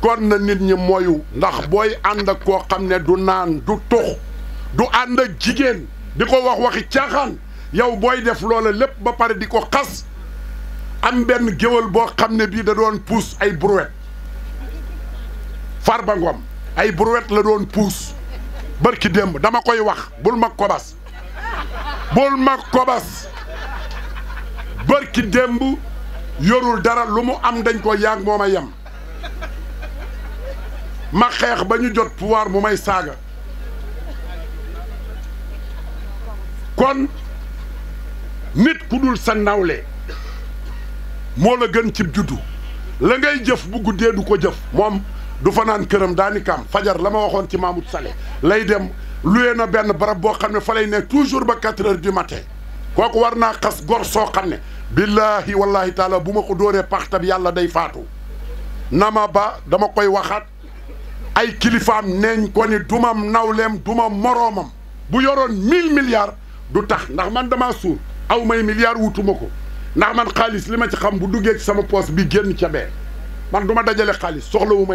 kon na nit ñi moyu ndax booy ànd koo xam ne du naan du tux du ànd ak jigéen di ko wax waxi caaxaan yow booy def loole lépp ba pare di ko xas am benn géwal boo xam ne bii da doon puus ay brouette Farba ay brouette la doon puus barki démb dama koy wax bul ma kobas bul ma kobas barki démb yorul dara lu mu am dañ ko yaag mooma yem ma xeex ba ñu jot pouvoir mu may saaga kon nit ku dul sa nawle moo la gën cib juddu la ngay jëf bu guddee du ko jëf moom du fa naan këram daani kaam fajar la ma waxoon ci Mahmoud sale lay dem luye na benn barab boo xam ne fa lay nekk toujours ba quatre heures du kooku war naa xas gor soo xam ne billaahi wallahi taala bu ma ko dóoree paxtab yàlla day faatu nama ba dama koy waxaat ay kilifaam neeñ ko ni duma nawleem duma moroomam bu yoroon mille milliards du tax ndax man damaa suur aw may milliards wutuma ko ndax man xaalis li ma ci xam bu duggee ci sama poos bi génn ca bee man du ma dajale xaalis soxlawu may